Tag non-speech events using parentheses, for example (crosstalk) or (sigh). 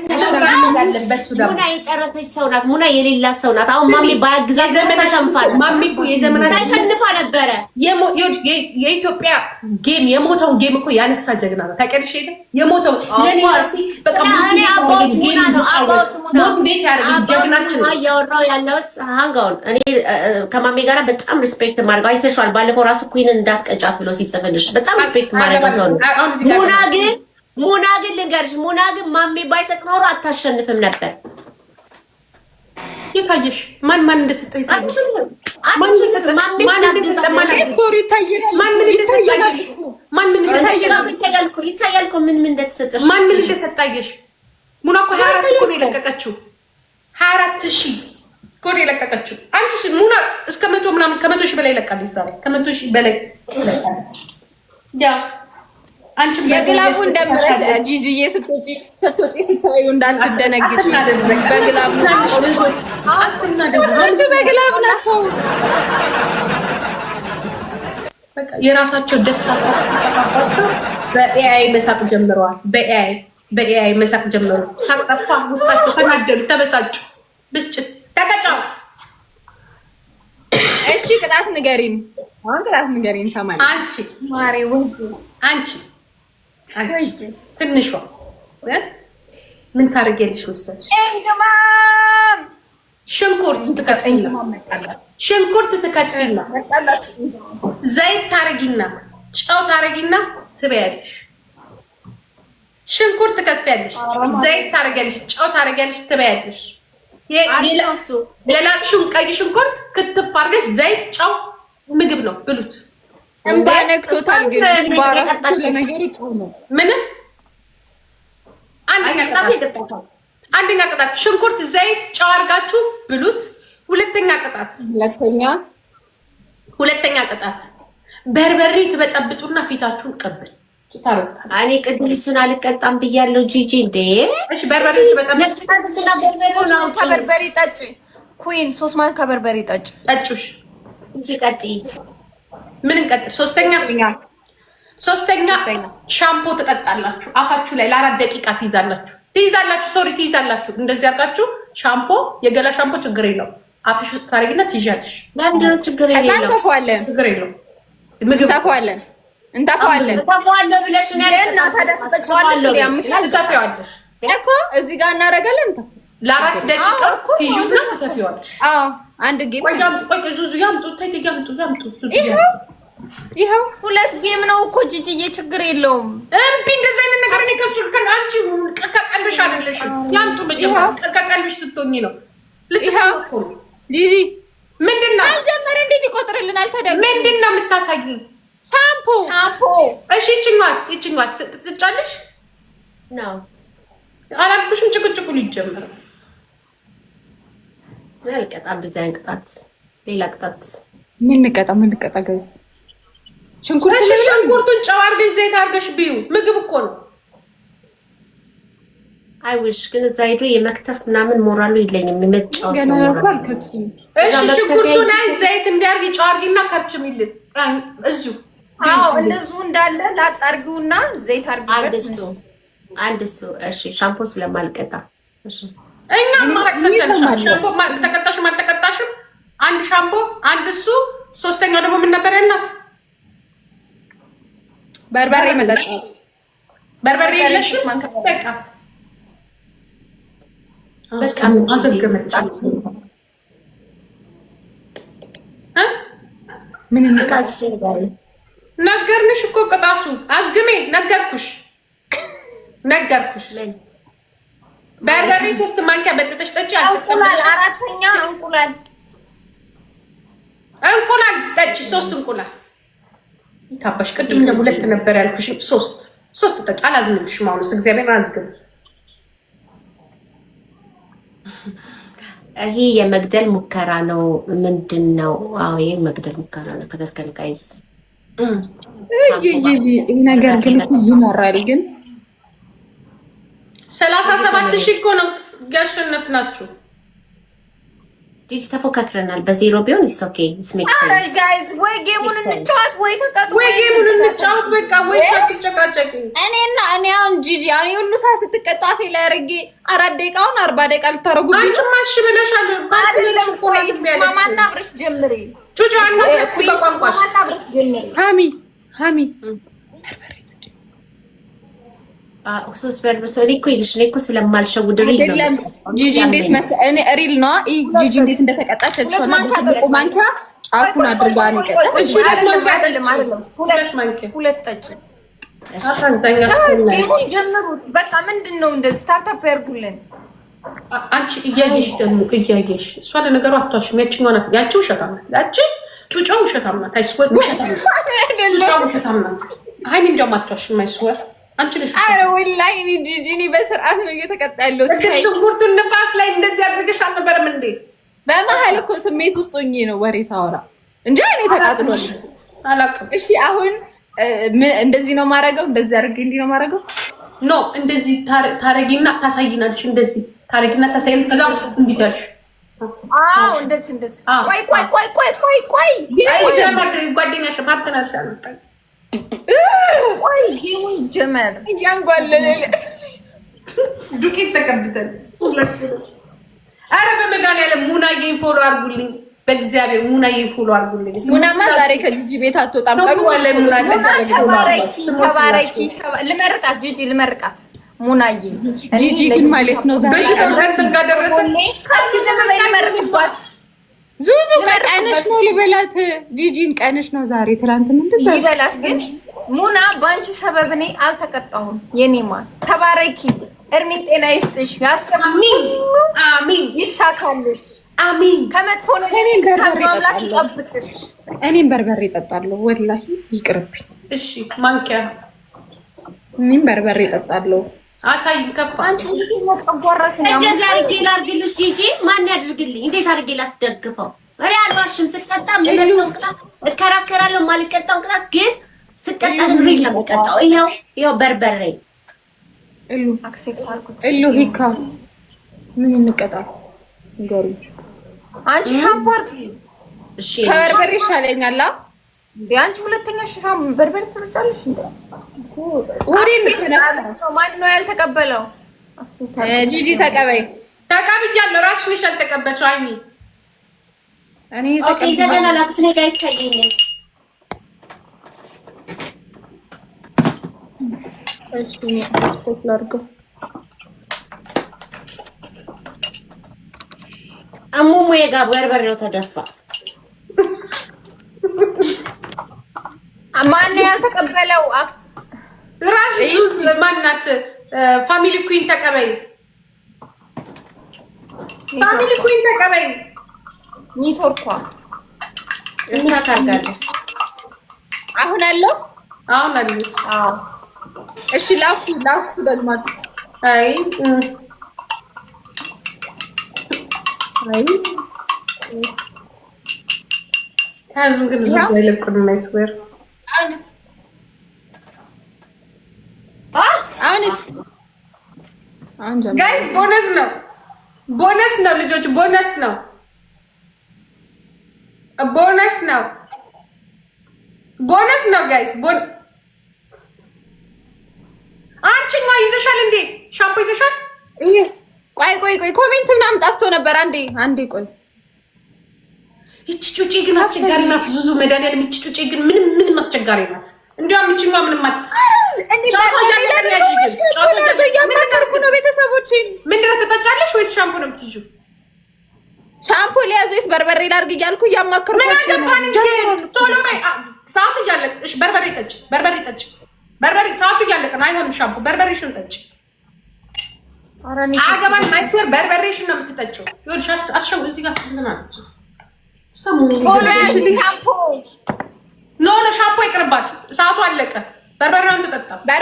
ሙና የጨረስነች ሰው ናት። ሙና የሌላት ሰው ናት። አሁን ማሚ ባያግዛት ማሚ እኮ ተሸንፋ ነበረ። የኢትዮጵያ ጌም የሞተውን ጌም እኮ ያነሳ ጀግና ነው። ታውቂያለሽ የሞተውን ሞት ቤት ጀግናችን እያወራሁ ያለሁት ሀንጋውን እኔ ከማሜ በጣም ሪስፔክት ማድረገው አይተሽዋል። ባለፈው ራሱ ኩንን እንዳትቀጫት ብሎ ሲጽፍልሽ በጣም ሪስፔክት ማድረገው ሰው ነው ሙና ግን ሙና ግን ልንገርሽ፣ ሙና ግን ማሜ ባይሰጥ ኖሮ አታሸንፍም ነበር። የታየሽ ማን ማን እንደሰጠ ይታየሽ። ማን እንደሰጠ ማን ምን ምን እንደተሰጠሽ ማን ምን እንደሰጠ ሙና እኮ ሀያ አራት እኮ ነው የለቀቀችው። ሀያ አራት ሺህ እኮ ነው የለቀቀችው። አንቺ ሙና እስከ መቶ ምናምን ከመቶ ሺህ በላይ ለቃለች። ከመቶ ሺህ በላይ ያ አንቺም የግላቡን ደምረሽ ጂጂዬ ስትወጪ ስትወጪ ስታዩ እንዳትደነግጪ። በግላብ ነው በግላብ ናቸው። የራሳቸው ደስታ ሳቅባቸው በኤአይ መሳቅ ጀምረዋል። በኤአይ በኤአይ መሳቅ ጀምሩ። ሳቅ ጠፋ ውስጣቸው። ተናደዱ፣ ተበሳጩ፣ ብስጭት ተቀጫው። እሺ ቅጣት ንገሪን፣ አሁን ቅጣት ንገሪን። ሰማን አንቺ ማሬ አንቺ ትንሿ ምን ታደርጊያለሽ መሰለሽ? ሽንኩርት ትከጭላ ሽንኩርት ትከጭላ፣ ዘይት ታረጊና ጨው ታረጊና ትበያለሽ። ሽንኩርት ትከትፊያለሽ፣ ዘይት ታረጊያለሽ፣ ጨው ታረጊያለሽ፣ ትበያለሽ። ሌላሹን ቀይ ሽንኩርት ክትፍ አድርገሽ ዘይት ጨው ምግብ ነው ብሉት። እንባ ነክቶታል። ግን ምንም አንደኛ ቅጣት አንደኛ ቅጣት ሽንኩርት፣ ዘይት፣ ጨው አድርጋችሁ ብሉት። ሁለተኛ ቅጣት ሁለተኛ ሁለተኛ ቅጣት በርበሬ ትበጠብጡና ፊታችሁን ቀብል እኔ ቅድም እሱን አልቀጣም ብያለሁ። ጂጂ እንዴ ከበርበሬ ጠጪ ኩዊን ሶስት ማን ከበርበሬ ጠጪ ጠጪሽ እንጂ ቀጥይ ምን እንቀጥል? ሶስተኛ ሶስተኛ ሻምፖ ትጠጣላችሁ። አፋችሁ ላይ ለአራት ደቂቃ ትይዛላችሁ ትይዛላችሁ ሶሪ ትይዛላችሁ። እንደዚህ አድርጋችሁ ሻምፖ፣ የገላ ሻምፖ ችግር የለው አፍሽ ውስጥ ታደርጊና ትይዣለሽ። ምግብ እንተፈዋለን፣ እንተፈዋለን ብለሽ እኮ እዚህ ጋር እናደርጋለን። ለአራት ደቂቃ ትይዥና ትተፊዋለሽ። አንድ ጌም ቆይ ቆይ ዙዙ ያምጡ፣ ታይቴ ያምጡ፣ ያምጡ ይኸው ሁለት ጌም ነው እኮ ጂጂዬ፣ ችግር የለውም። እምቢ እንደዚህ አይነት ነገር እኔ ከሱ ከን አንቺ ከቀልብሽ አይደለሽም። ያምጡ መጀመሪያ ከቀልብሽ ስትሆኚ ነው ልትታወቁ ጂጂ። ምንድን ነው አልጀመረ እንዴት ይቆጥርልናል? ታዲያ ምንድን ነው የምታሳዩ? ታምፖ ታምፖ። እሺ ይችኛዋስ ይችኛዋስ ትጫለሽ ነው አላልኩሽም? ጭቅጭቁ ሊጀምር ያልቀጣ ብዛ ቅጣት ሌላ ቅጣት ምንቀጣ ምንቀጣ ገዝ ሽንኩርት ሽንኩርቱን ጨው አድርገሽ ዘይት አድርገሽ ብዩ። ምግብ እኮ ነው። አይ ውሽ ግን እዛ ሄዶ የመክተፍ ምናምን ሞራሉ የለኝም። የሚመጫወት ሽንኩርቱን አይ ዘይት እንዲያርግ ጨው አድርጊና ከርችም ይልን እዚሁ አዎ፣ እንዳለ ላጥ አድርጊውና ዘይት አድርጊበት። አንድ እሱ እሺ፣ ሻምፖ ስለማልቀጣ እኛ ማረቅ ሻምፖ ተቀጣሽም አልተቀጣሽም አንድ ሻምፖ አንድ እሱ፣ ሶስተኛው ደግሞ ምን ነበር ያልናት? በርበሬ መጠጣት። በርበሬ የለሽም በቃ ነገርንሽ እኮ ቅጣቱ አዝግሜ ነገርኩሽ፣ ነገርኩሽ። በርበሬ ሶስት ማንኪያ በጥብጠሽ ጠጪ። አራተኛ እንቁላል እንቁላል ጠጪ፣ ሶስት እንቁላል ታባሽ ቅድም እንደ ሁለት ነበር ያልኩሽ፣ ሶስት ሶስት ጠቅ አላዝንልሽም። አሁንስ እግዚአብሔር አዝግም። (laughs) ይሄ የመግደል ሙከራ ነው። ምንድን ነው? አዎ ይሄ መግደል ሙከራ ነው። ትክክል ጋይዝ። ነገር ግን ይኖራል። ግን ሰላሳ ሰባት ሺህ እኮ ነው ያሸነፍናችሁ። ጂጂ ተፎካክረናል። በዜሮ ቢሆን ኢትስ ኦኬ ኢትስ ሜክ ሴንስ ጋይዝ። ወይ ጌሙን እንጫወት ወይ ተጣጥ ወይ ጌሙን እንጫወት በቃ። ወይ ሳትጨቃጨቂ እኔና እኔ አሁን ጂጂ አኔ ሁሉ ሳ ስትቀጣፊ ላይ አራት ደቂቃውን አርባ ደቂቃ ልታረጉ አንቺ ማሽ ብለሻል። ባለም ቆይ ማማና ብርሽ ጀምሪ ጆጆ አንቺ ተቋቋምቋሽ ማማና ብርሽ ሃሚ ሃሚ ሶስት በር ሰው እኔ እኮ ይልሽ እኮ ስለማልሸውድ ሪል ጂጂ እንዴት መሰ- ሪል ነው። ጂጂ እንዴት እንደተቀጣች ተሽሆነ ተጠቁ ማንኪያ ጫፉን አድርጋ ነው ቀጣ። ሁለት ማንኪያ ሁለት ጠጭ። አሳዛኛ ጀምሩት። በቃ ምንድን ነው እንደዚህ ታፕታፕ ያርጉልን። አንቺ እያየሽ ደግሞ እያየሽ እሷ ለነገሩ አትዋሽም። ያቺኛዋ ናት ያቺ ውሸታም ናት። ያቺ ጩጫው ውሸታም ናት። አይስወር ውሸታም ናት። ጩጫው ውሸታም ናት። ሀይሚ እንዲያውም አትዋሽም። አይስወር አንቺ ነሽ። ኧረ ወላሂ እኔ በስርዓት ነው እየተቀጣ ያለው። ሽንኩርቱን ንፋስ ላይ እንደዚህ አድርገሽ አልነበረም እንዴ? በመሀል እኮ ስሜት ውስጥ ሆኜ ነው ወሬ ሳወራ እንጂ እኔ ተቃጥሏል። እሺ አሁን እንደዚህ ነው ማረገው፣ እንደዚህ አድርጌ እንዲህ ነው ማረገው። ኖ እንደዚህ ታረጊና ታሳይናልሽ። እንደዚህ ታረጊና ታሳይን ጸጋ እንዲህ ታልሽ እንደዚህ እንደዚህ ቆይ ቆይ ቆይ ቆይ ቆይ ቆይ ጓደኛሽ ማርተናልሽ አልመጣኝ ጀመር እያንጓለለ ዱቄት ተቀብተን አረ በመድኃኒዓለም ሙናዬን ፎሎ አድርጉልኝ። በእግዚአብሔር ሙናዬን ፎሎ አድርጉልኝ። ሙናማ ዛሬ ከጂጂ ቤት አትወጣም። ተባረኪ። ልመርቃት፣ ጂጂ ልመርቃት። ሙናዬ ጂጂ ግን ማለት ነው ዛሬ ዙዙ ቀንሽ ነው ሊበላት ጂጂን ቀንሽ ነው ዛሬ። ትላንት ምንድን ነው ሊበላት? ግን ሙና በአንቺ ሰበብ እኔ አልተቀጣሁም። የኔ ማን ተባረኪ፣ እድሜ ጤና ይስጥሽ፣ ያሰሚን አሚን፣ ይሳካልሽ፣ አሚን። ከመጥፎ ነገር ከአምላክ ይጠብቅሽ። እኔም በርበሬ እጠጣለሁ፣ ወላሂ ይቅርብኝ። እሺ ማንኪያ። እኔም በርበሬ እጠጣለሁ። አሳይ ከፍ አንቺ ተጓራሽ ነው። እንደዚህ አድርጌ ላድርግልሽ ጂጂ፣ ማን ያድርግልኝ? እንዴት አድርጌ ላስደግፈው? እኔ አልባሽም። ስቀጣ ምንም እከራከራለሁ። የማልቀጣው ቅጣት ግን ስቀጣ ግን ሪል ነው የምቀጣው። በርበሬ እሉ አክሴፕት አድርጉት። እሉ ሂካ ምን እንቀጣ ንገሩኝ። አንቺ ሻምፖር እሺ፣ ከበርበሬ ይሻለኛል። ቢያንቺ ሁለተኛ ሽፋን በርበሬ ትረጫለሽ እንዴ? ማን ነው ያልተቀበለው? ጂጂ ተቀበይ። ተቀብያለሁ። እራስሽ ነሽ ያልተቀበልሽው። አይሚ እኔ ተቀበልኩ። አሙሙ የጋ በርበሬው ተደፋ። ማነው ያልተቀበለው? ራስ ማናት? ፋሚሊ ኩዊን ተቀበይ፣ ፋሚሊ ኩዊን ተቀበይ። ኔትወርኳ እና ታርጋለች። አሁን አለው፣ አሁን አለ። እሺ ላኩ፣ ላኩ ላኩ ደግማት። አይ አይ ታዙ ግን ዘለ አሁንስ አሁንስ ጋይስ ቦነስ ነው፣ ቦነስ ነው ልጆች፣ ቦነስ ነው፣ ቦነስ ነው፣ ቦነስ ነው ጋይስ። አንቺኛ ይዘሻል እንዴ? ሻምፖ ይዘሻል? ቆይ ቆይ ቆይ፣ ኮሜንት ምናምን ጠፍቶ ነበር። አንዴ አንዴ ቆይ ይቺ ጩጬ ግን አስቸጋሪ ናት። ዙዙ መድኃኒዓለም ይቺ ጩጬ ግን ምንም ምንም አስቸጋሪ ናት። እንዲያውም ይችኛ ምንም አት ቤተሰቦችን ምንድን ነው ትጠጫለሽ ወይስ ሻምፖ ነው የምትይዥው? ሻምፖ ሊያዝ ወይስ በርበሬ ላድርግ እያልኩ እያማከርኩ ቶሎ ሰዓቱ እያለቀ በርበሬ ጠጭ፣ በርበሬ ጠጭ፣ በርበሬ ሰዓቱ እያለቀ ነው። አይሆንም ሻምፖ በርበሬሽን ጠጭ። አገባን ማይስር በርበሬሽን ነው የምትጠጪው። ይኸውልሽ አስሸው እዚህ ጋር ስትልና ነች ሻምፖ ይቅርባት፣ ሰዓቱ አለቀ። በርበሬውን ተጠጣ።